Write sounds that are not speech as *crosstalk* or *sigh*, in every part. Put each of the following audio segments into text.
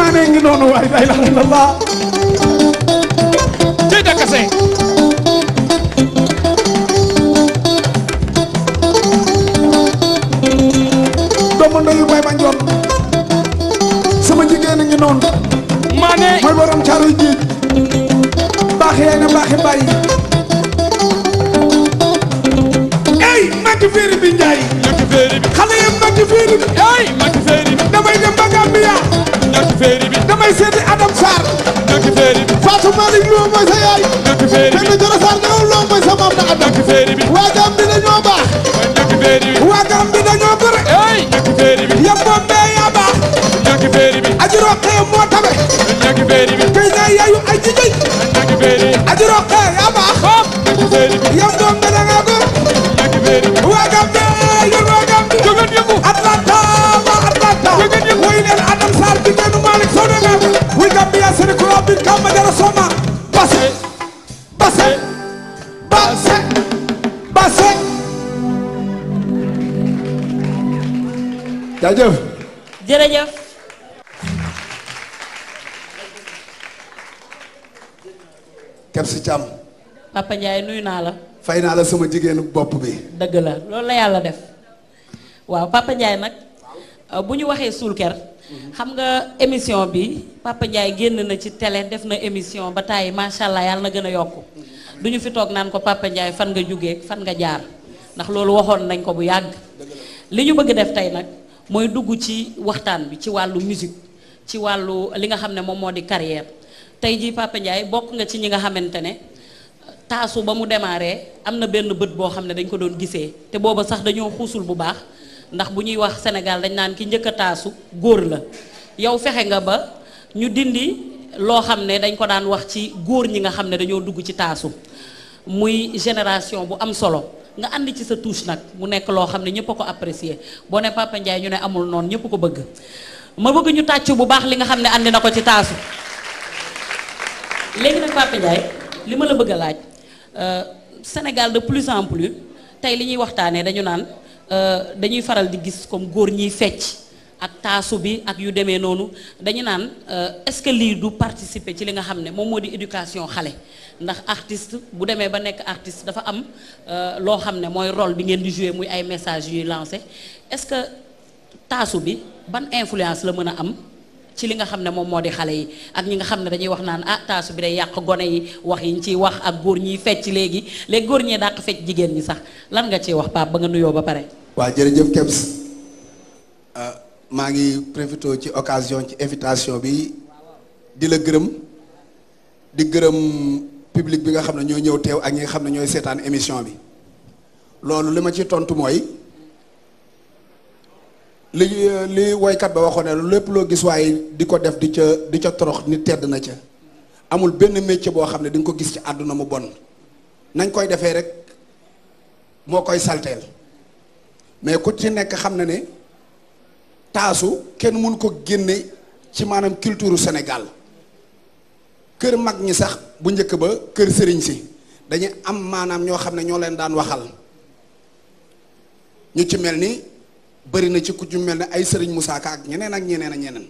Mané ngi noonu waay la ilaha illallah tey dakase doomu ndeyu bay ma njoon sama jigéen a ngi noonu Mané mooy borom caaru ji baaxe na baaxe baay ey mati féeri bi njaay mati féeri bi xale yam mati féeri bi ey mati féeri dëkk féeri bi damay Adam Sarr dëkk féeri bi Fatou Malick sa yaay dëkk féeri bi Penda Joro Sarr ñëw loo sa maam na Adam dëkk féeri bi waa Gambie dañoo baax waa Gambie dañoo bëri ey dëkk féeri bi yam moom bee bi kay naa yaayu ay jigéen dëkk féeri aji roqee yaa baax dëkk féeri bi yam waa Gambie yéen waa Gambie jógal yëngu bin kamba dara soma base naa la fay naa la sama jigéenu bopp bi dëgg la loolu la yàlla def waaw Papa nag bu ñu waxee suul ker xam nga émission bi Papa génn na ci télé def na émission ba tàyyi macha allah yàlla na gën a yokku mm-hmm. du ñu fi toog naan ko Papa Ndiaye fan nga jugee fan nga jaar ndax loolu waxoon nañ ko bu yàgg li ñu bëgg def tey nag mooy dugg ci waxtaan bi ci wàllu musique ci wàllu li nga xam ne moom moo di carrière tey jii Papa bokk nga ci ñi nga xamante ne taasu ba mu démarré am na benn bët boo xam ne dañ ko doon gisee te booba sax dañoo xuusul bu baax ndax bu ñuy wax Sénégal dañ naan ki njëkk a taasu góor la yow fexe nga ba ñu dindi loo xam ne dañ ko daan wax ci góor ñi nga xam ne dañoo dugg ci taasu muy génération bu am solo nga ànd ci sa touche nag mu nekk loo xam ne ñëpp ko apprécier boo ne Papa ñu ne amul noonu ñëpp ko bëgg ma bëgg ñu tàccu bu baax li nga xam ne àndi na ko ci taasu léegi nag Papa li ma la bëgg a laaj euh, Sénégal de plus en plus tey li ñuy waxtaanee dañu naan. Euh, dañuy faral di gis comme góor ñiy fecc ak taasu bi ak yu demee noonu dañu naan euh, est-ce que lii du participer ci li nga xam ne moom moo di éducation xale ndax artiste bu demee ba nekk artiste dafa am euh, loo xam ne mooy rôle bi ngeen di jouer muy ay message yuy lancé est-ce que taasu bi ban influence la mën a am ci li nga xam ne moom moo di xale yi ak ñi nga xam ne dañuy wax naan ah taasu bi day yàq gone yi wax yi ñu ciy wax ak góor ñiy fecc léegi léegi góor ñee dàq fecc jigéen ñi sax lan nga ciy wax Pape ba nga nuyoo ba pare. waaw jërëjëf Kebs euh, maa ngi profité ci occasion ci invitation bi di la gërëm di gërëm public bi nga xam ne ñoo ñëw teew ak ñi nga xam ne ñooy seetaan émission bi loolu li ma ci tontu mooy li li woykat ba waxoon ne lépp loo gis waaye di ko def di ca di ca torox nit tedd na ca amul benn métier boo xam ne di nga ko gis ci àdduna mu bon nañ koy defee rek moo koy salteel mais ku ci nekk xam na ne taasu kenn mënu ko génne ci maanaam culture Sénégal kër mag ñi sax bu njëkk ba kër sëriñ si dañu am maanaam ñoo xam ne ñoo leen daan waxal ñu ci mel ni bëri na ci ku ci mel ni ay sëriñ Moussa Ka ak ñeneen ak ñeneen ak ñeneen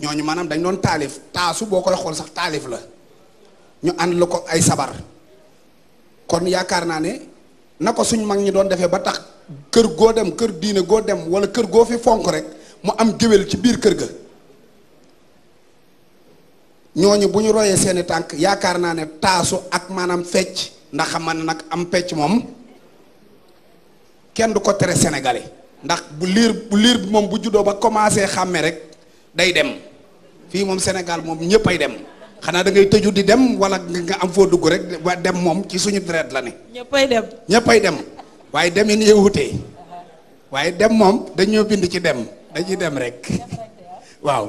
ñooñu maanaam dañ doon taalif taasu boo koy xool sax taalif la ñu ànd la ko ay sabar kon yaakaar naa ne na ko suñ mag ñi doon defee ba tax kër goo dem kër diine goo dem wala kër goo fi fonk rek mu am géwél ci biir kër ga ñooñu bu ñu royee seeni tànk yaakaar naa ne taasu ak maanaam fecc ndax man ne nag am pecc moom kenn du ko tere sénégalais ndax bu liir liir bi moom bu juddoo ba commencé xàmme rek day dem fii moom senegal moom ñëpp ay dem xanaa da ngay tëju di dem wala nga am foo dugg rek dem moom ci suñu deret la ne. ñëppay dem ñëppay dem. waaye demin yi wutee waaye dem moom dañoo bind ci dem dañuy dem rek waaw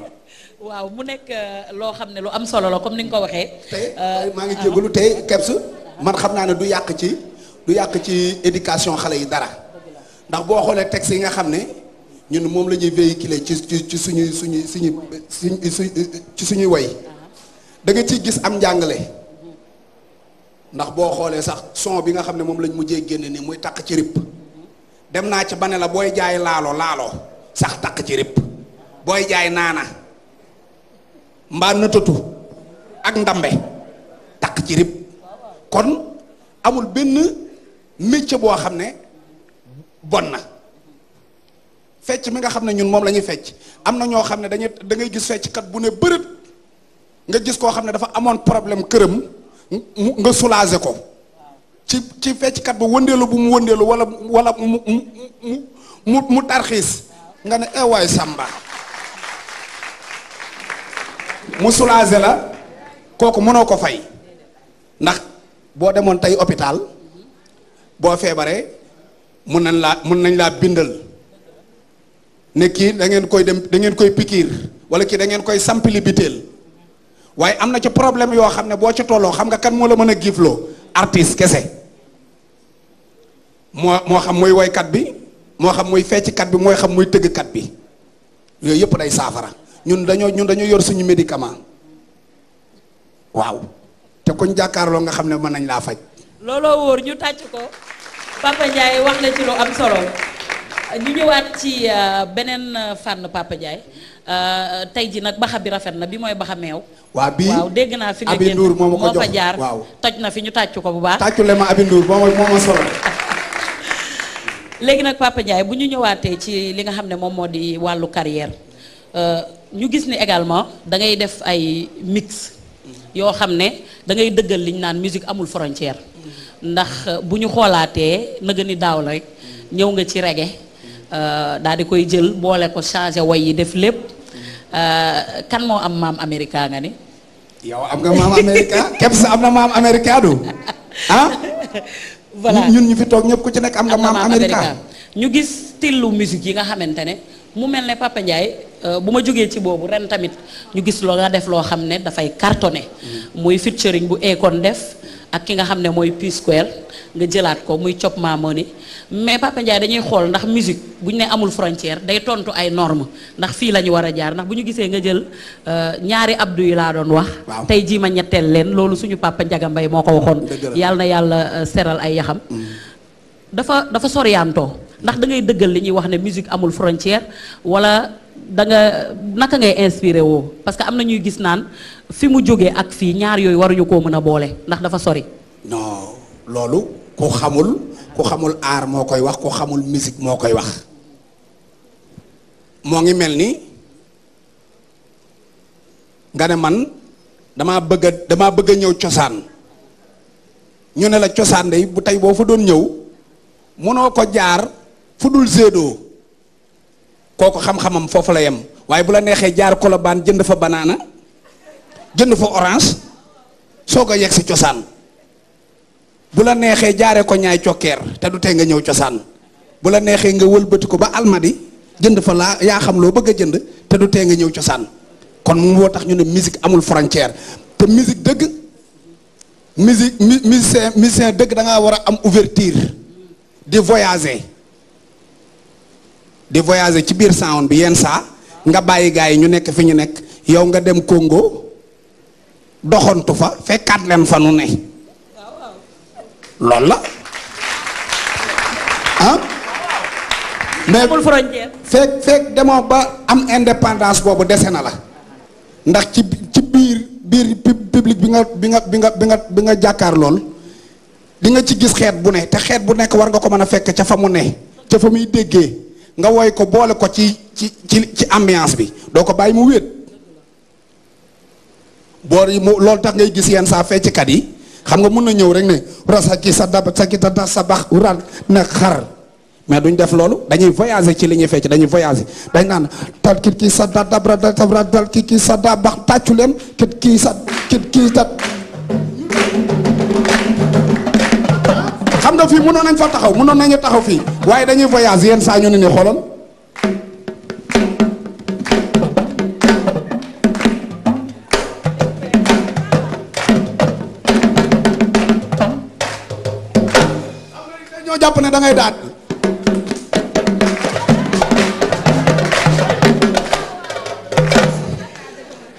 waaw mu nekk euh, loo xam ne lu am solo la comme ni nga ko waxee tey euh, maa ngi ah. jégalu tey man xam naa ne du yàq ci du yàq ci éducation xale yi dara ndax boo xoolee texte yi nga xam ne ñun moom la ñuy véhiculer ci ci ci suñuy suñuy su ci suñuy way ah. da nga ciy gis am njàngale ndax boo xoolee sax son bi nga xam ne moom lañ mujjee génne nii muy takk ci rip dem naa ci ba ne la booy jaay laalo laalo sax takk ci rip booy jaay naana mbaa nëtatu ak ndambe takk ci rip kon amul benn métier boo xam ne bon na fecc mi nga xam ne ñun moom la ñuy fecc am na ñoo xam ne dañuy da ngay gis fecc kat bu ne bërët nga gis koo xam ne dafa amoon problème këram nga soulager ko ci ci fecckat ba wëndeelu bu mu wëndeelu wala wala mu mu mu mu tarxiis nga ne ewaay eh Samba mu soulager la kooku mënoo ko fay ndax boo demoon tey hôpital boo feebaree mun nañ laa mun nañ laa bindal ne kii da ngeen koy dem da ngeen koy pikiir wala kii da ngeen koy sampili biteel waaye am na ci problème yoo xam ne boo ci tolloo xam nga kan moo la mën a gifloo artiste kese moo moo xam muy woykat bi moo xam muy fecckat bi mooy xam muy tëggkat bi yooyu yëpp day saafara ñun dañoo ñun dañoo yor suñu médicament waaw te kuñ jàkkaarloo nga xam ne mën nañ laa faj. looloo wóor ñu tàcc ko Papa wax na ci lu am solo ñu ñëwaat ci euh, beneen euh, fànn Papa Ndiaye. Euh, tey ji nag baxa bi rafet na bi mooy baxa meew. waa bii waaw dégg naa fi nga génn moo fa jaar toj na fi ñu tàccu ko bu baax. tàccu le ma Abi Ndour moo solo. *laughs* léegi nag Papa Ndiaye bu ñu ñëwaatee ci li nga xam ne moom moo di wàllu carrière euh, ñu gis ni également da ngay def ay mix yoo xam ne dangay ngay dëggal liñ naan musique amul frontière ndax euh, bu ñu xoolaatee nëgë ni daaw la rek ñëw nga ci reggae daal di koy jël boole ko changé way yi def lépp Euh, kan moo am maam Amerika nga ni. yow am nga maam Amerika *laughs* Kebs am ah? ñu fi toog ñëpp ku ci nekk am nga maam Amerika ñu gis stillu musique yi nga xamante ne mu mel ne Papa euh, bu ma jógee ci boobu ren tamit ñu gis loo nga def loo xam ne dafay cartonné. Mm. muy featuring bu Akon def ak ki nga xam ne mooy P Square nga jëlaat ko muy cop ni mais Papa Ndiaye dañuy xool ndax musique bu ñu ne amul frontière day tontu ay normes ndax fii la ñu war a jaar ndax bu ñu gisee nga jël euh, ñaari abdu yi laa doon wax. tey jii ma ñetteel leen loolu suñu Papa Ndiaga Mbaye moo ko waxoon. yàlla na yàlla euh, seral ay yaxam. Mm. dafa dafa soriyaantoo ndax da ngay dëggal li ñuy wax ne musique amul frontière wala. da nga naka ngay inspiré woo parce que am na ñuy gis naan fi mu jógee ak fii ñaar yooyu waruñu koo mën a boole ndax dafa sori. ku xamul ku xamul aar moo koy wax ku xamul musique moo koy wax moo ngi mel ni nga ne man damaa bëgg a damaa bëgg a ñëw cosaan ñu ne la cosaan day bu tey boo fa doon ñëw mënoo ko jaar fu dul séedoo kooku xam-xamam foofu la yem waaye bu la neexee jaar Colobane jënd fa banaana jënd fa orange soog a yegg si cosaan bu la neexee jaaree ko ñaay cokkeer te du tee nga ñëw cosaan bu la neexee nga wëlbati ko ba almady jënd fa laa yaa xam loo bëgg a jënd te du tee nga ñëw cosaan kon moom moo tax ñu ne musique amul frontière te musique dëgg musique dëgg da war a am ouvertire di voyager di voyager ci biir sound bi yenn saa nga bàyyi gars yi ñu nekk fi ñu nekk yow nga dem Congo doxantu fa fekkaat leen fa nu ne loolu la ah. mais fekk fekk demoo ba am indépendance boobu dese na la ndax ci biir biir public bi nga bi nga bi nga bi nga bi jàkkaar lool di nga ci gis xeet bu ne te xeet bu nekk war nga ko mën a fekk ca fa mu ne ca fa muy déggee nga woy ko boole ko ci ci ci ci ambiance bi doo ko bàyyi mu wéet boor yi mu loolu tax ngay gis yenn saa fecckat yi xam nga mun na ñëw rek ne rasa ci sa dab sa ki sa bax ural na xar mais duñ def loolu dañuy voyager ci li ñuy fecc dañuy voyager dañ naan tal kit kii sa da dabra dabra kii sa da bax tàccu leen kit kii sa kit kii sa xam nga fii mënoon nañ fa taxaw mënoon nañu taxaw fii waaye dañuy voyager yenn saa ñu ne ni xoolal jàpp ne da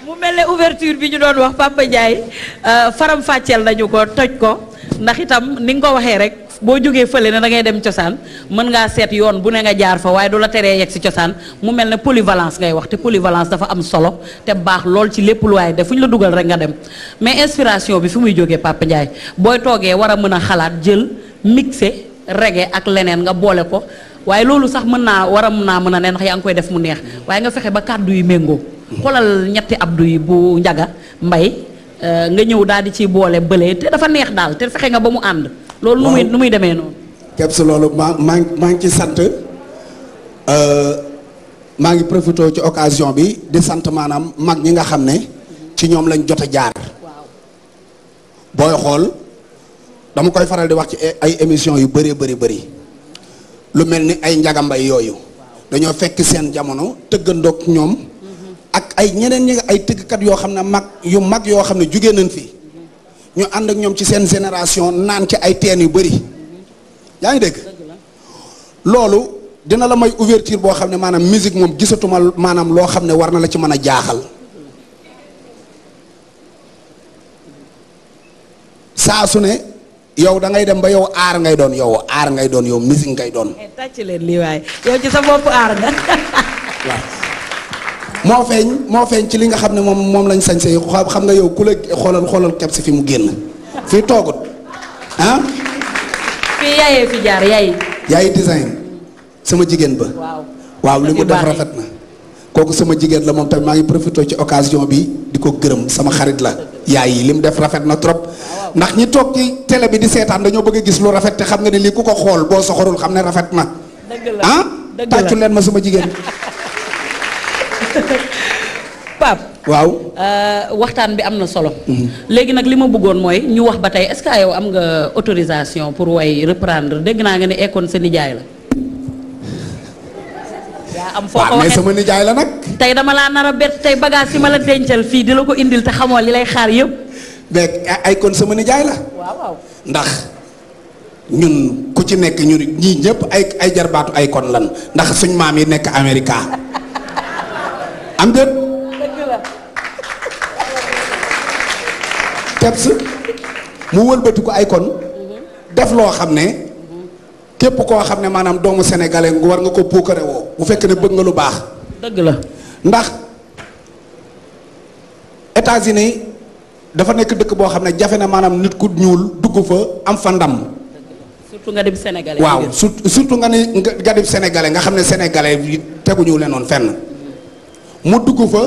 mu mel ne ouverture bi ñu doon wax Papa Ndiaye euh, faram fàcceel nañu ko toj ko ndax itam ni nga ko waxee rek boo jógee fële ne da ngay dem cosaan mën ngaa seet yoon bu ne nga jaar fa waaye du la teree yegg ci cosaan mu mel ne polyvalence ngay wax te polyvalence dafa am solo te baax lool ci lépp lu waaye def fu ñu la dugal rek nga dem mais inspiration bi fi muy jógee Papa Ndiaye booy toogee war a mën a xalaat jël mixé reggae ak leneen nga boole ko waaye loolu sax mën naa war a mën naa mën a ne yaa ngi koy def mu neex waaye nga fexe ba kàddu yu méngoo xoolal ñetti abdu yi bu njaga mbay euh, nga ñëw daal di ci boole bële te dafa neex daal te fexe nga ba mu ànd loolu nu muy nu muy demee noonu Kebs loolu maa maa maa ngi ci sant euh, maa ngi profité ci occasion bi di sant maanaam mag ñi nga xam ne ci ñoom lañ jot a jaar booy xool dama koy faral di wax ci ay émission yu bëree bëri bëri lu mel ni ay njagambay yooyu dañoo fekk seen jamono tëggandook ñoom ak ay ñeneen ñi nga ay tëggkat yoo xam ne mag yu mag yoo xam ne jugee nañ fi ñu ànd ak ñoom ci seen génération naan ci ay teen yu bëri yaa ngi dégg loolu dina la may ouverture boo xam ne maanaam musique moom gisatuma maanaam loo xam ne war na la ci mën a jaaxal saa su ne yow da ngay dem ba yow aar ngay doon yow aar ngay doon yow musique ngay doon. Eh, tàcc leen lii waaye yow ci sa bopp aar nga. *laughs* moo feeñ moo feeñ ci li nga xam ne moom moom lañ sañse xam nga yow ku la xoolal xoolal kepp si fi mu génn fii toogut ah. fii yaayee fi jaar yaay. yaay design sama jigéen ba. waaw waaw li mu def rafet na. kooku sama jigéen la moom tamit maa ngi profité ci occasion bi di ko gërëm sama xarit la. yaay yi li mu def rafet na trop. ndax ñi toog ci télé bi di seetaan dañoo bëgg a gis lu rafet te xam nga ne lii ku ko xool boo soxorul xam ne rafet na. dëgg la ah leen ma suma jigéen. *laughs* Pape. waaw. Euh, waxtaan bi am na solo. Mhm. léegi nag li ma bëggoon mooy ñu wax ba tey est-ce que yow am nga autorisation pour way reprendre dégg naa nga ne ekkoon sa nijaay la. yaa am foo ko waxee sama nijaay la nag. tey dama laa nara a bett tey bagage yi ma la dencal fii di la ko indil te xamoo li lay xaar yëpp. mais ay kon sama nijaay la. waaw ndax ñun ku ci nekk ñun ñii ñëpp ay ay jarbaatu ay kon lan ndax suñ maam yi nekk america *laughs* am déet. dëgg mu wëlbati ko ay kon mm-hmm. def loo xam ne. Mm-hmm. képp koo xam ne maanaam doomu sénégalais nga war nga ko puukare woo bu fekk ne bëgg nga lu baax. dëgg la ndax États-Unis dafa nekk dëkk boo xam ne jafe na maanaam nit ku ñuul dugg fa am fa ndam. nga dem sénégalais. waaw surtout nga ni nga dem sénégalais nga xam ne sénégalais yi teguñu leen noonu fenn. mu dugg fa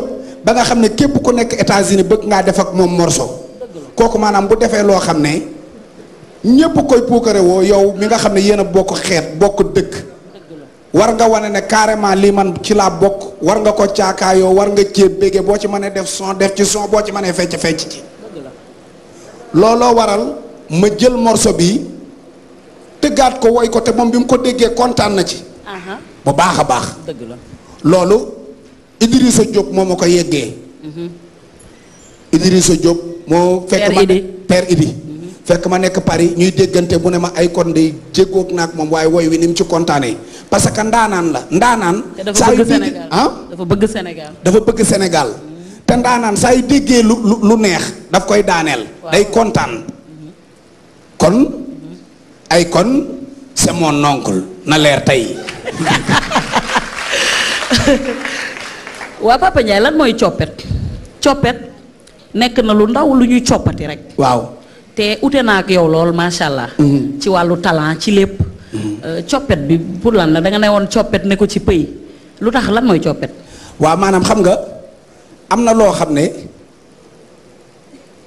danga xam ne képp ku nekk États-Unis bëgg ngaa def ak moom morso. kooku maanaam bu defee loo xam ne ñëpp koy puukare woo yow mi nga xam ne yéen a bokk xeet bokk dëkk. war nga wane ne carrément lii man ci laa bokk war nga ko caakaayoo war nga cee bége boo ci mënee def son def ci son boo ci mënee fecc fecc ci. looloo waral ma jël morso bi tëggaat ko woy ko te moom bi mu ko déggee kontaan na ci. bu baax a baax. dëgg la loolu Idrissa Diop moo ma ko yeggee. Mhm. Idrissa Diop moo. fekk ma père Idi mhm. fekk ma nekk Paris ñuy déggante bu ne ma ay kon day jégoog naag moom waaye woy wi ni mu ci kontaanee parce que ndaanaan la ndaanaan. saa yu ah? dafa bëgg Sénégal dafa bëgg Sénégal. te ndaanaan saa déggee lu neex daf koy daaneel day kontaan kon ay kon c'est mon na leer tey *laughs* waa Papa lan mooy coppet coppet nekk na lu ndaw lu ñuy coppati rek waaw te ute naa ak yow lool macha allah. Mhm. ci wàllu talent ci lépp mhm. euh, coppet bi pour lan la da ne woon coppet ne ko ci pëy lu tax lan mooy coppet waaw maanaam xam nga am na loo xam ne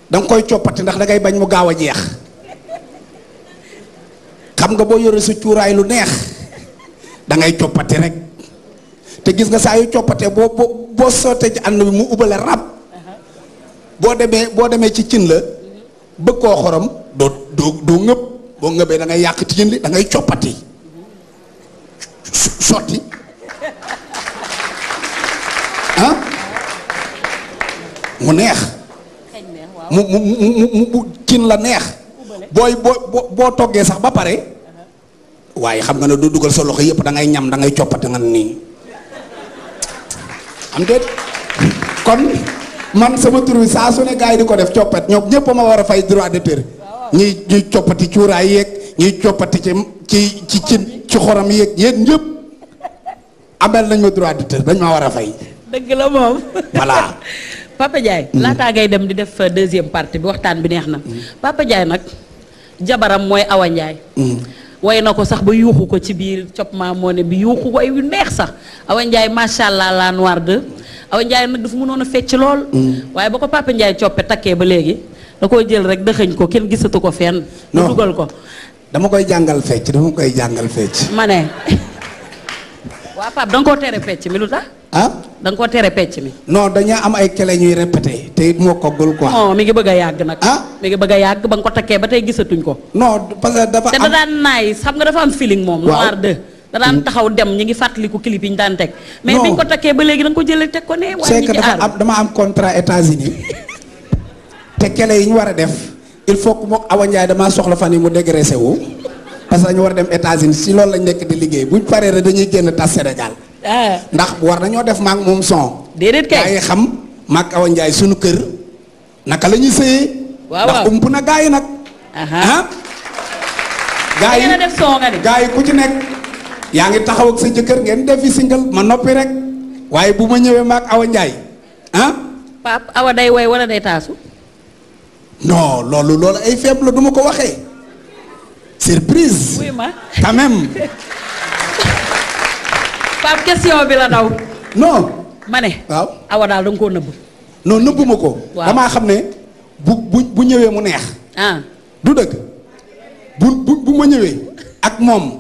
danga koy coppati ndax dangay bañ mu gaaw a jeex xam nga boo yore sa cuuraay lu neex da ngay coppati rek te gis nga saa yu coppatee boo boo sottee ci ànd bi mu ubale rab boo demee boo demee ci cin la bëgg koo xorom doo doo doo ngëb boo ngëbee da ngay yàq ci cin li da ngay coppati sotti. mu neex mu mu mu mu cin la neex booy boo boo toggee sax ba pare waaye xam nga ne doo dugal sa loxo yëpp da ngay ñam da ngay coppati nga nii am déet kon man sama tur bi saa su ne yi di ko def coppat ñoom ñëpp ma war a fay droit d'auteur ñuy ñuy coppati cuuraay yéeg ñuy coppati ci ci ci ci ci xorom yeeg yéen ñëpp amel nañ ma droit d'auteur bañ ma war a fay. dëgg *laughs* Papa Ndiaye. Mm. laataa ngay dem di def euh, deuxième partie bi waxtaan bi neex na. Mm. Papa Ndiaye nag jabaram mooy Awa Ndiaye. Mm. way na ko sax ba yuuxu ko ci biir cop maa bi yuuxu way neex sax Awa Ndiaye macha allah la noir de Awa Ndiaye nag dafa mënoon a fecc lool. waaye ba ko Papa Ndiaye coppe takkee ba léegi da koo jël rek dëxëñ ko kenn gisatu ko fenn. dugal ko. dama koy jàngal fecc dama koy jàngal fecc. ma waaw Pape da koo tere pecc mi lu tax. ah da nga koo tere pecc mi. non dañoo am ay clé ñuy répété te it moo koggul quoi. non mi ngi bëgg a yàgg nag. ah ngi bëgg a yàgg ba nga ko takkee ba tey gisatuñ ko. non parce dafa am da daan naay xam nga dafa am feeling moom. noir de da daan mm. taxaw dem ñu ngi fàttaliku clip yi ñu daan teg. mais bi takkee ba léegi da nga ko jëlee teg ko ne. waa ñu ci aar dafa am dama am contrat États-Unis *laughs* te clé yi ñu war a def il faut que moom Awa Ndiaye soxla fan yi mu dégraissé wu parce que ñu war dem États-Unis si loolu lañ nekk di liggéey buñ paree rek dañuy génn tas Sénégal. Ah. ndax war nañoo def maak moom son. déedéet kay xam maak Awa Ndiaye suñu kër naka la ñuy sëyee. waaw ndax ump na gaa yi nag. ah. yi def yi ku ci nekk. yaa ngi taxaw sa jëkkër ngeen def fi single ma noppi rek waaye bu ma ñëwee maak Awa Ndiaye ah. Pape Awa day way wala day taasu. non loolu loolu ay faible du ma ko waxee. surprise. oui ma quand même. Pape question bi la daw. non. ma waaw awa daal da koo nëbb. non nëbbuma ko. damaa xam ne bu bu bu ñëwee mu neex. ah du dëgg. bu bu bu ma ñëwee. ak moom.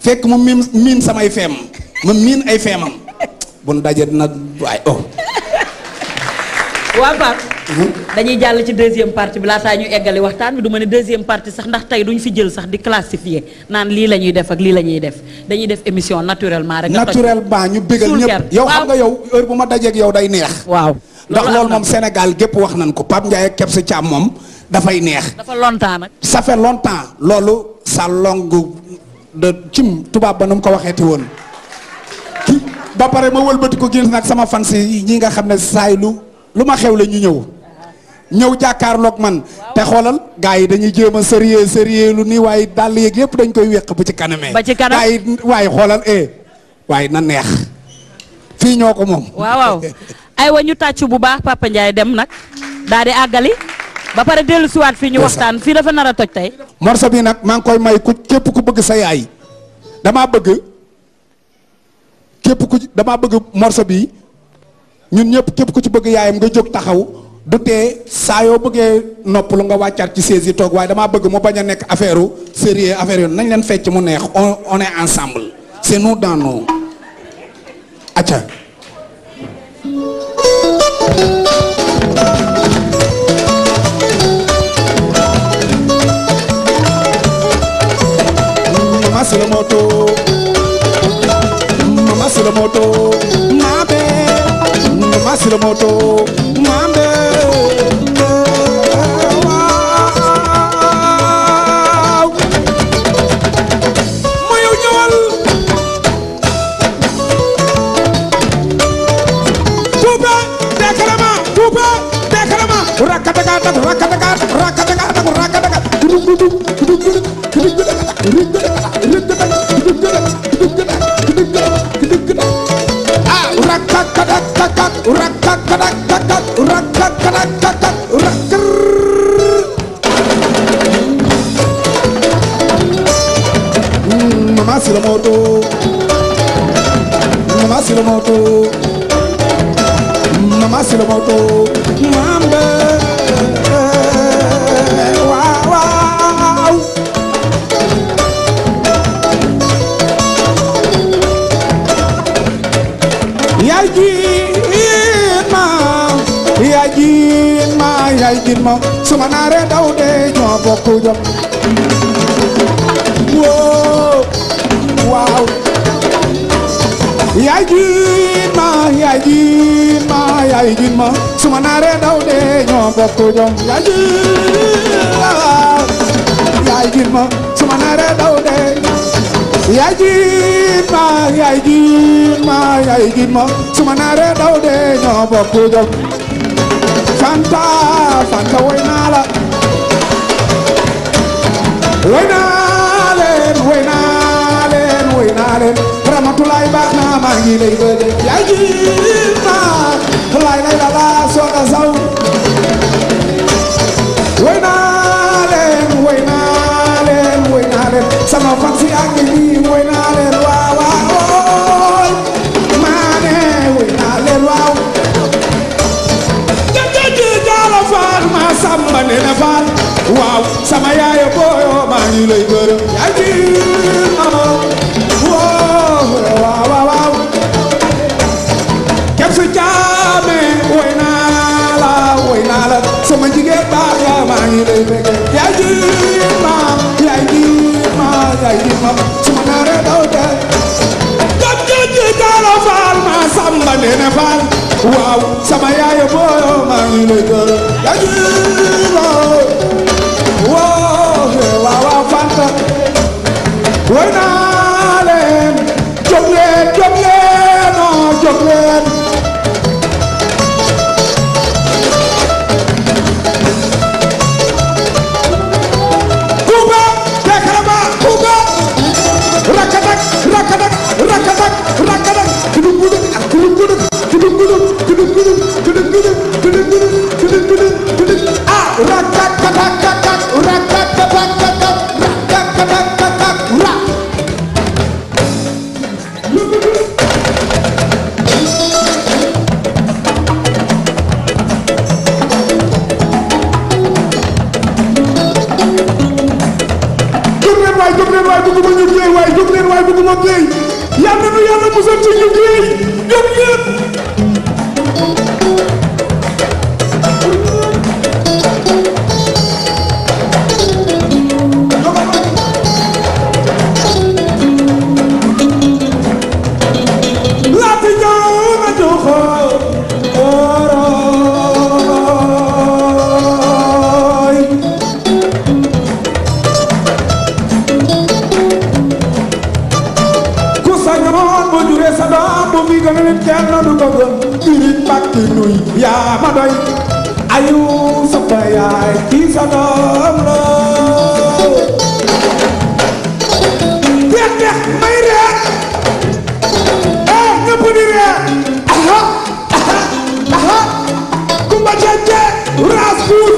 fekk ma miin miin samay feem ma miin ay feemam. bu nu dajee dina waay oh. waa Pape. dañuy jàll ci deuxième partie bi laataa ñu eggali waxtaan bi du ma ne deuxième partie sax ndax tey duñ fi jël sax di classifier naan lii la ñuy def ak lii la ñuy def dañuy def émission naturellement rek. naturellement ñu bégal ñëpp yow xam nga yow heure bu ma dajeeg yow day neex. waaw ndax loolu moom Sénégal gépp wax nañ ko Pape Ndiaye ak Kebs Thiam moom dafay neex. dafa longtemps nag. ça fait longtemps loolu sa longue de cim tubaab ba nu mu ko ti woon. ba pare ma wëlbati ko génn nag sama fans ñi nga xam ne saay lu lu ma xew la ñu ñëw. ñëw jàkkaarloog man te xoolal gars yi dañuy jéem a sérieux sérieux lu nii waaye dàll yeeg yëpp dañ koy weq bu ci kanamee. ba ci kanam gars yi waaye xoolal eh waaye na neex fii ñoo ko moom. waaw waaw *laughs* aywa ñu tàcc bu baax Papa dem nag daal di àggali ba pare dellu siwaat fii ñu waxtaan fii dafa nar a toj tey. morso bii nag maa ngi koy may ku képp ku bëgg sa yaay damaa bëgg képp ku dama bëgg morso bi ñun ñëpp képp ku ci bëgg yaayam nga jóg taxaw. du tee saa yoo bëggee noppalu nga wàccaat ci saisi toog waaye damaa bëgg mu bañ a nekk affaire u sérieux affaire yoon nañ leen fecc mu neex on on est ensemble c'est nous dans nous acca Mama sur le moto Mama ko jom yaay ji waaw yaay ji ma suma naree daw de yaay ji ma yaay ji ma yaay ji ma suma naree daw de ñoo bokk jom fanta fanta woy naa la woy naa leen woy naa leen woy naa leen ramatulaay baax na maa ngi lay bëgg yaay ji ma laay lay la la soo waaw sama yaay booyoo maa ngi lay gërëm yaa ngi waaw waaw waaw Fanta woy naa leen jóg leen jóg leen non jóg leen leen waay jóg leen waay musal ci ñu géey nuy yaa ma doy ayu yaay kii sa doom la deex deex may kumba jeje raas buur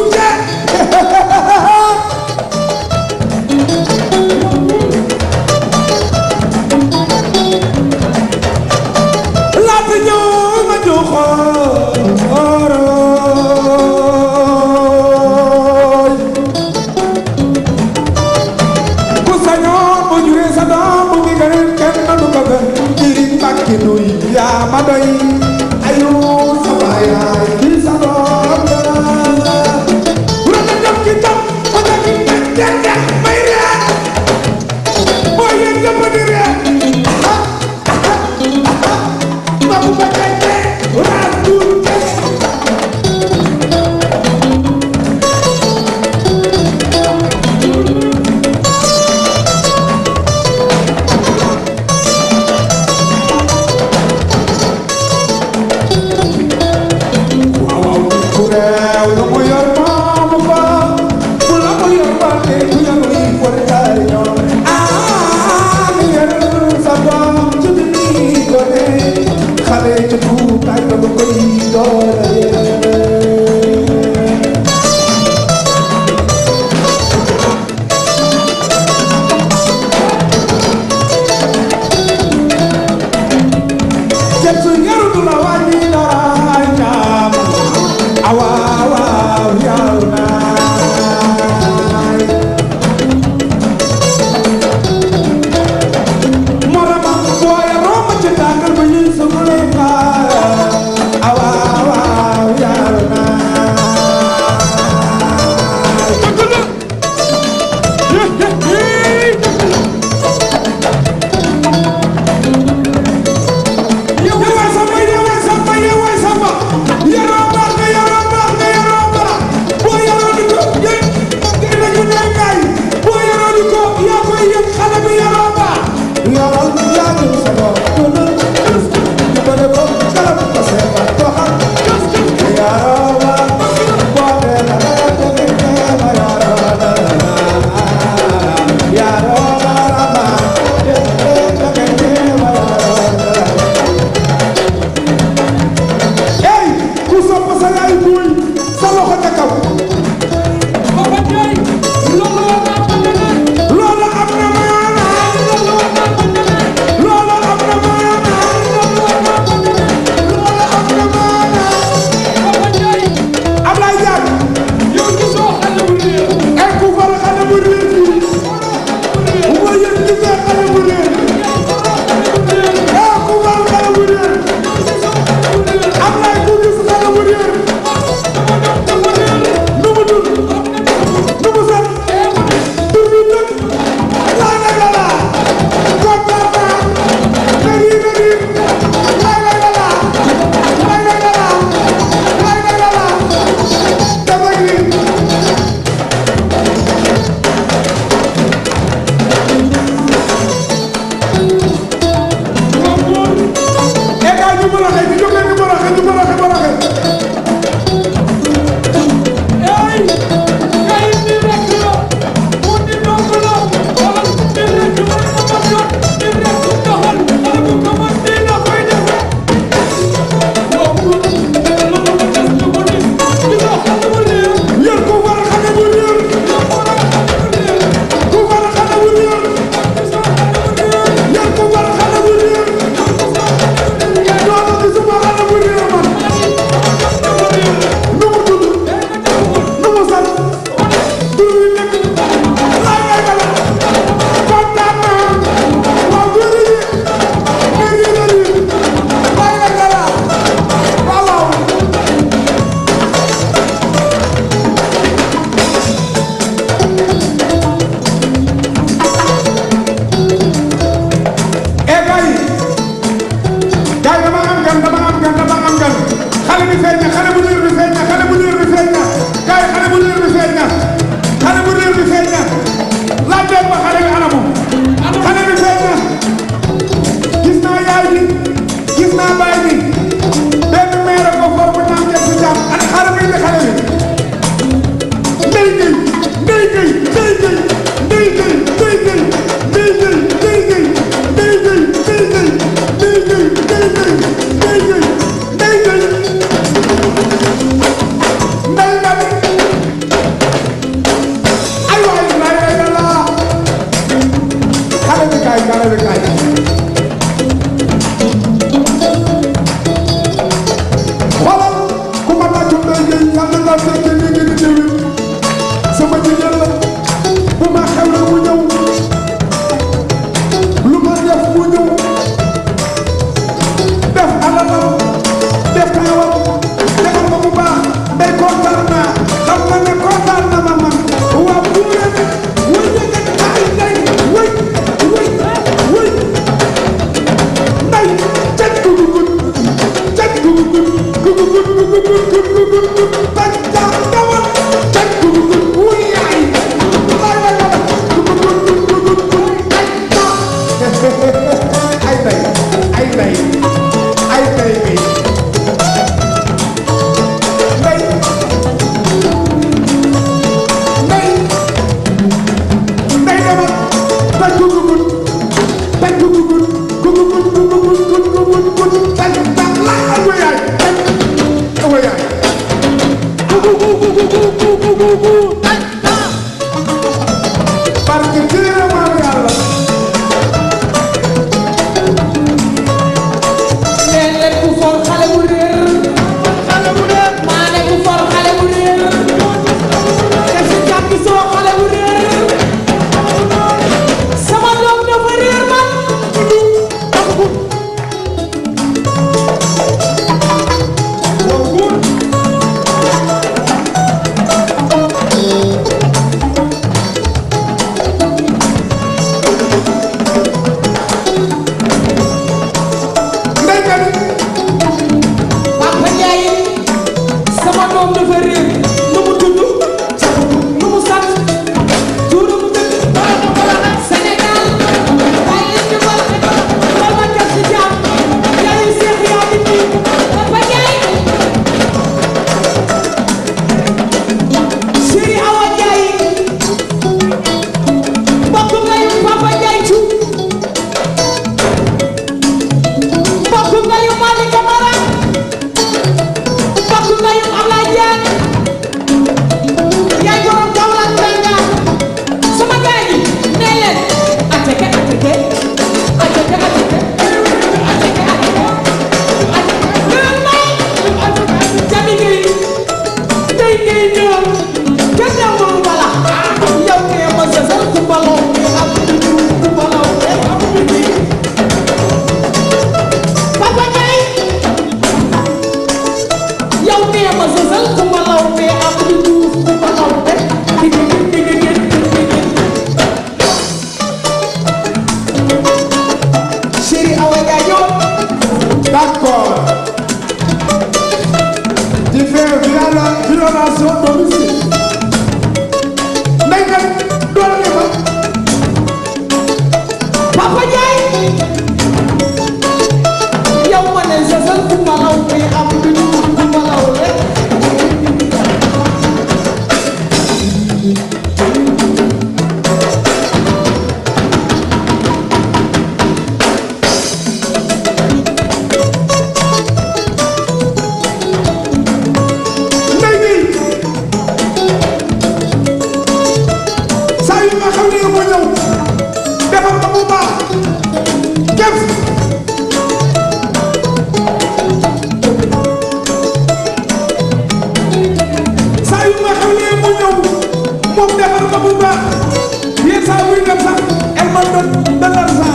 Muhammad da la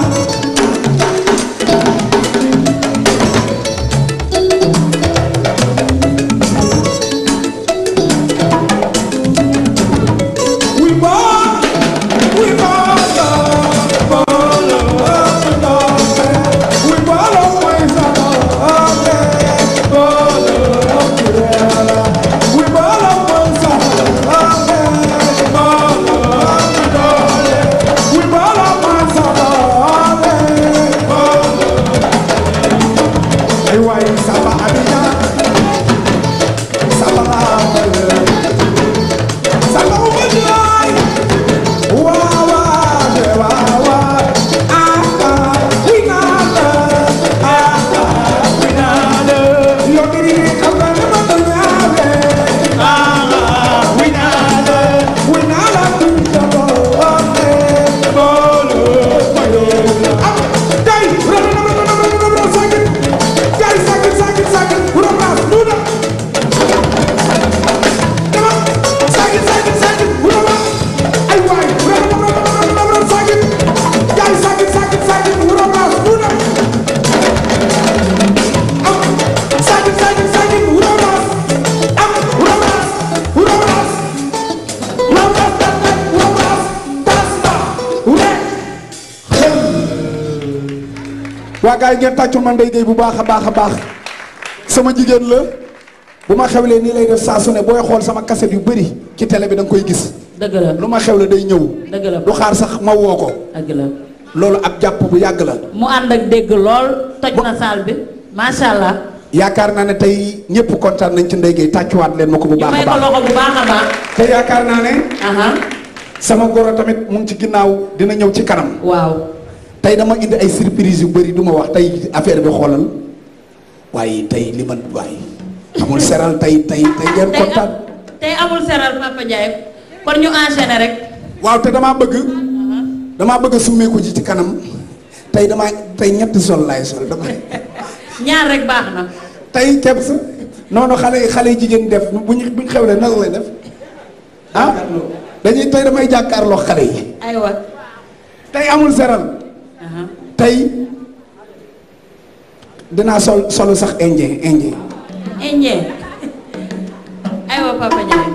tàccul ma Ndeye Gueye bu baax a baax a baax sama jigéen la bu ma xewlee nii lay def saa su ne booy xool sama kaset yu bari ci tele bi danga koy gis. dëgg la lu ma xewle day ñëw. dëgg la xaar sax ma woo ko. dëgg loolu ab jàpp bu yàgg la. mu ànd ak dégg lool. toj na saal bi macha allah. yaakaar naa ne tey ñëpp kontaan nañ ci Ndeye Gueye tàccuwaat leen ma ko bu baax a baax a baax. te yaakaar naa ne. sama goro tamit mu ci ginnaaw dina ñëw ci kanam. tey dama indi ay surprise yu bëri duma wax tey affaire bi xoolal waaye tey li man waaye amul seral tey tey tey ngeen kontaan. tey amul seral Papa Ndiaye kon ñu enchaîner rek. waaw damaa bëgg. damaa bëgg a summeeku ci kanam tey damaa tey ñetti sol laay sol dama. *laughs* ñaar rek baax na. tey képp sa noonu xale yi xale yi jigéen def bu ñu bu ñu xewlee nan lay def ah dañuy tey damay jàkkaarloo xale yi. tey amul seral. tey dinaa sol solu sax indien indien. indien aywa Papa Ndiaye.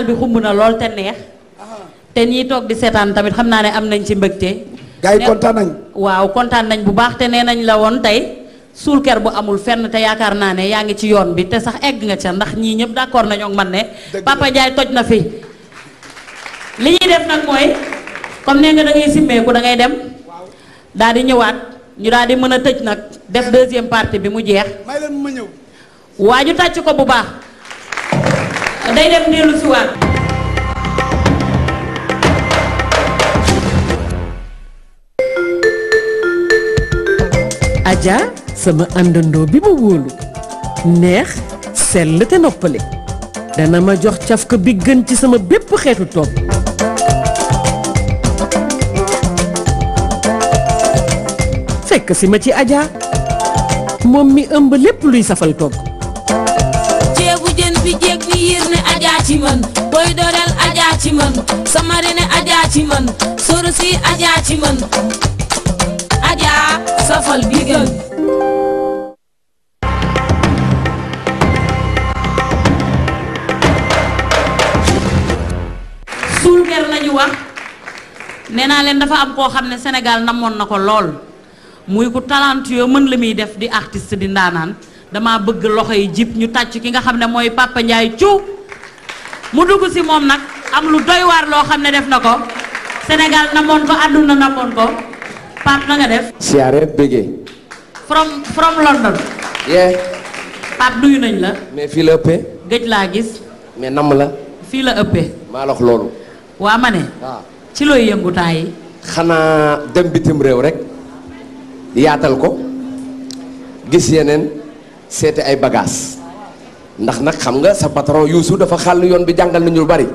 saal bi xumb na lool te neex te ñiy toog di seetaan tamit xam naa ne am nañ ci mbëgte gars yi kontaan nañ waaw kontaan nañ bu baax te nee nañ la woon tey suul ker bu amul fenn te yaakaar naa ne yaa ngi ci yoon bi te sax egg nga ca ndax ñii ñëpp d'accord nañoo man ne Papa Ndiaye toj na fi li ñuy def nag mooy comme nee nga da simmeeku da ngay dem daal di ñëwaat ñu daal di mën a tëj nag def deuxième partie bi mu jeex waa ju tàcc ko bu baax day sama àndandoo bi ma wóolu neex sell te noppale dana ma jox cafka bi gën ci sama bépp xeetu toog fekk si ma ci Adja moom mi ëmb lépp luy safal togg ajaa ci ajaa ci ajaa ci man sorusi ajaa ci man ajaa suul mer lañu wax nee naa leen dafa am koo xam ne senegal namoon na ko lool muy ku talentueux mën la muy def di artiste di ndaanaan dama bëgg loxo yi jib ñu tàcc ki nga xam ne mooy Papa Ndiaye mu dugg si moom nag am lu doy waar loo xam ne def na ko Sénégal namoon ko àdduna namoon ko Pape na nga def. siyaare bëggee. from from London. yeah. Pape nuyu nañ la. mais fii la ëppee. gëj laa gis. mais namm la. fii la ëppee. maa lox loolu. waa ma ne. ci looy yëngu yi. xanaa dem bitim réew rek yaatal ko gis yeneen seeti ay bagaas ndax nag xam nga sa patron Youssou dafa xàll yoon bi jàngal nañu lu bari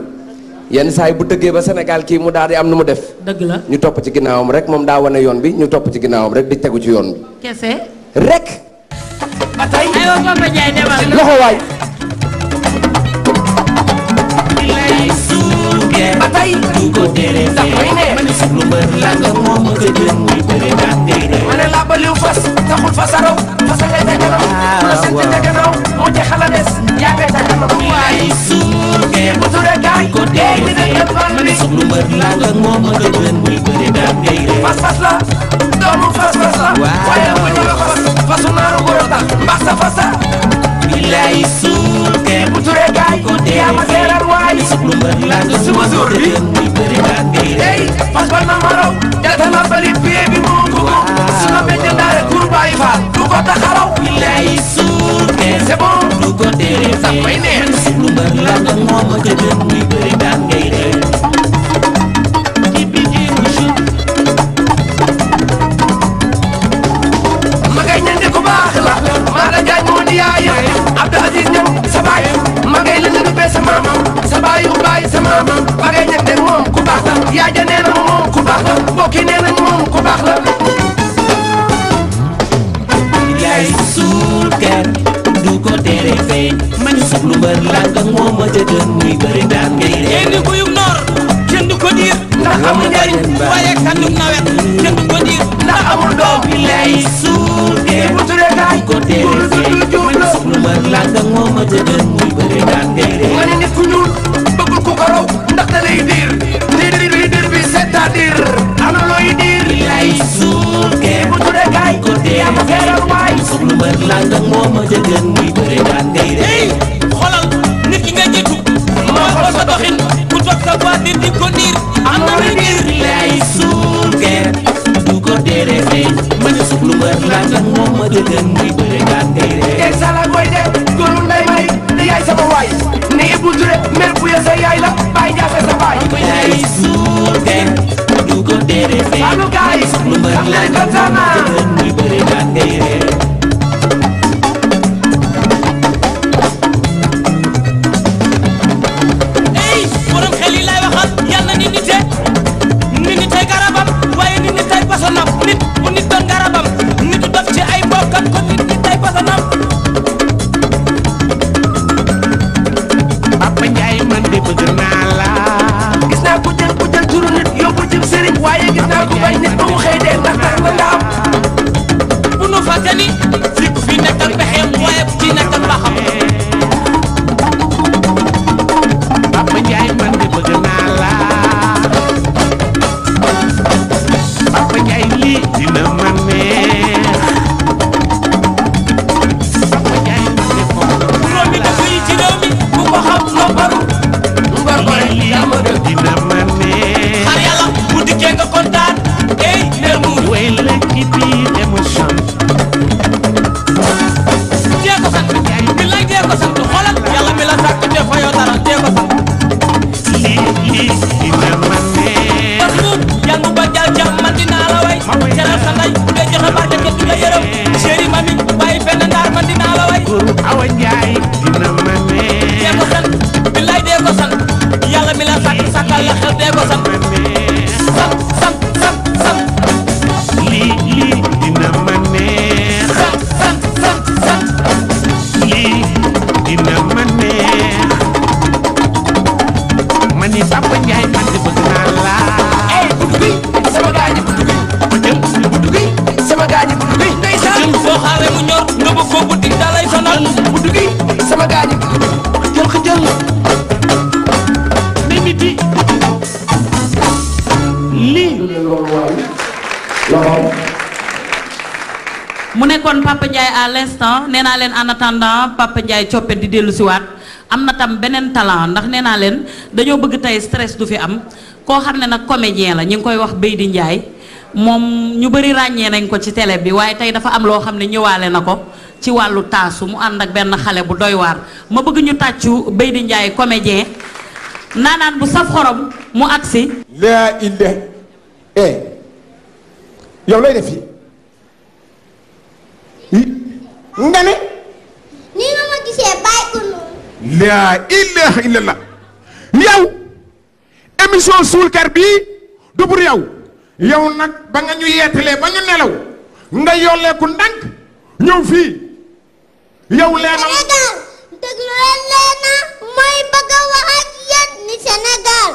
yenn saa yi bu tëggee ba senegal kii mu daal di am na mu def. dëgg ñu topp ci ginnaawam rek moom daa wane yoon bi ñu topp ci ginnaawam rek di tegu ci yoon bi. loxo waay. xalanes yaa ngi tax dama ko waay suur kee bu tura gaay ko dee mi ne defal mi soxlu mbër moom nga gën muy bëri daan ngay ree fas fas la doomu fas fas la waaye bu ñu la fas fasu naaru góor a tax mbax sa fas sa bilaay suur kee bu tura gaay ko dee yaa ma seeral waay soxlu mbër la nga suba kon Papa Ndiaye à l'instant nee naa leen en attendant Papa Ndiaye coppet di dellu siwaat am na tam beneen talent ndax nee naa leen dañoo bëgg tey stress du fi am koo xam ne nag comédien la ñu ngi koy wax Beydi Ndiaye moom ñu bëri ràññee nañ ko ci télé bi waaye tey dafa am loo xam ne ñëwaale na ko ci wàllu taasu mu ànd ak benn xale bu doy waar ma bëgg ñu tàccu Beydi Ndiaye comédien naanaan bu saf xorom mu agsi laa illa eh yow lay def yi nga ne. ni nga ma gisee bàyyi ko noonu. laa ilaaha illallah yow émission suulkar bii du pour yow yow nag ba nga ñu yeetalee ba ñu nelaw nga yolleeku ndànk ñëw fii yow leena. mooy bëgg a wax ni Sénégal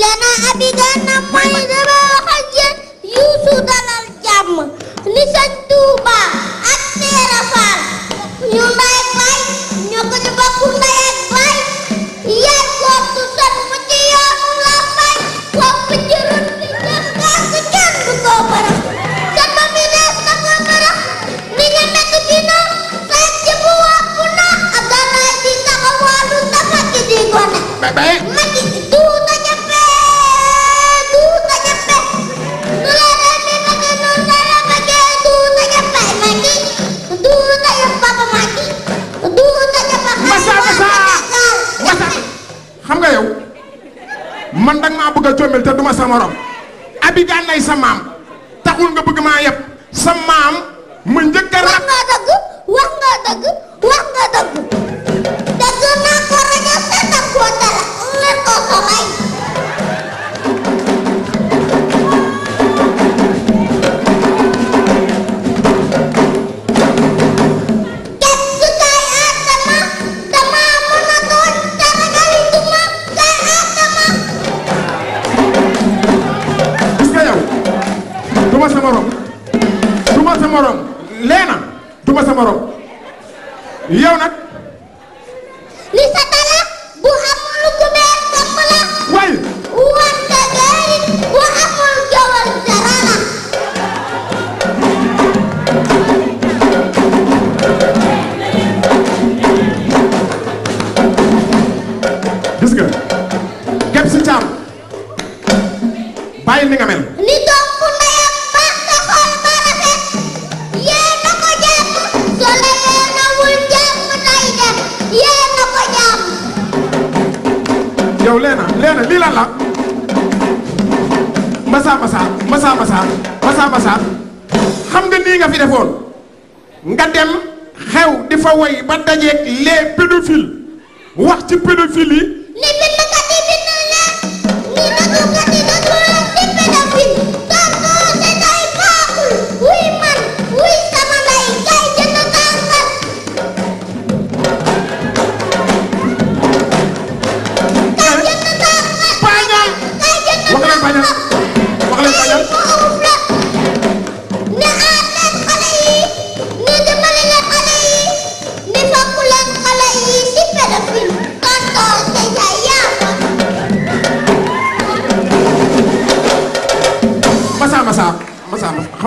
leena Abi Gana mooy dama wax ak yéen Youssou jàmm. li sëñ Tuuba ak Seera Faal ñu nday bay ñoo ko ñu bokk nday ak bay yar ko tu sën bu ci yoonu la bay wopp ci rut bi jëm gaa ku kenn du ko baram sën ba mi nees na ko baram ni ñu nekk ci na sëñ ci bu wopp na ab ganaay di taxawaalu dafa ki di gone sa morom abi daan nay sa maam taxul nga bëgg maa yëpp sa maam ma njëkk a morom yow nag nga dem xew di fa woy ba dajeeg les pédophiles wax ci pédophiles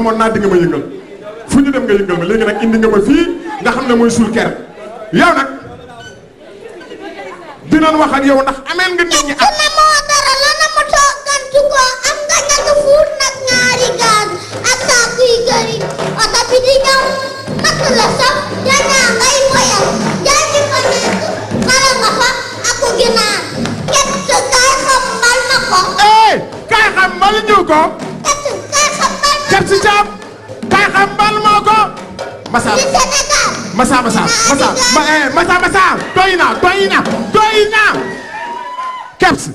xamoon naa di ma yëngal fu ñu dem nga yëngal ma léegi nag indi nga ma fii nga xam ne mooy suul ker yow nag dinañ wax ak yow ndax ameen nga nit ñi am. am nga ñag fuut nag ñaari bi di ñëw natt la sob jañaa ngay woyal jaani fa nekk xala ma fa aku ginaar kenn kaay xam mal ma ko. Eh, kaay xam mal ñu ko. Cheikh si Thiam Taaxam Mbal moo ko. Massa Massa eh, Massa Massa doy na doy na doy na. Kebs.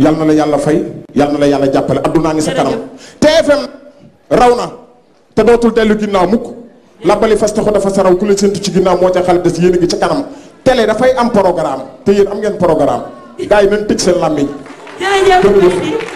yal na la yàlla fay yal na la yàlla jàppale addunaa ngi sa kanam TFM raw na te dootul dellu ginnaaw mukk labbali fas taxu dafa sa raw ku la séntu ci ginnaaw moo ca xale des yéen a ngi ca kanam télé dafay am programme te yéen am ngeen programme gars yi nañ tëj seen làmmiñ.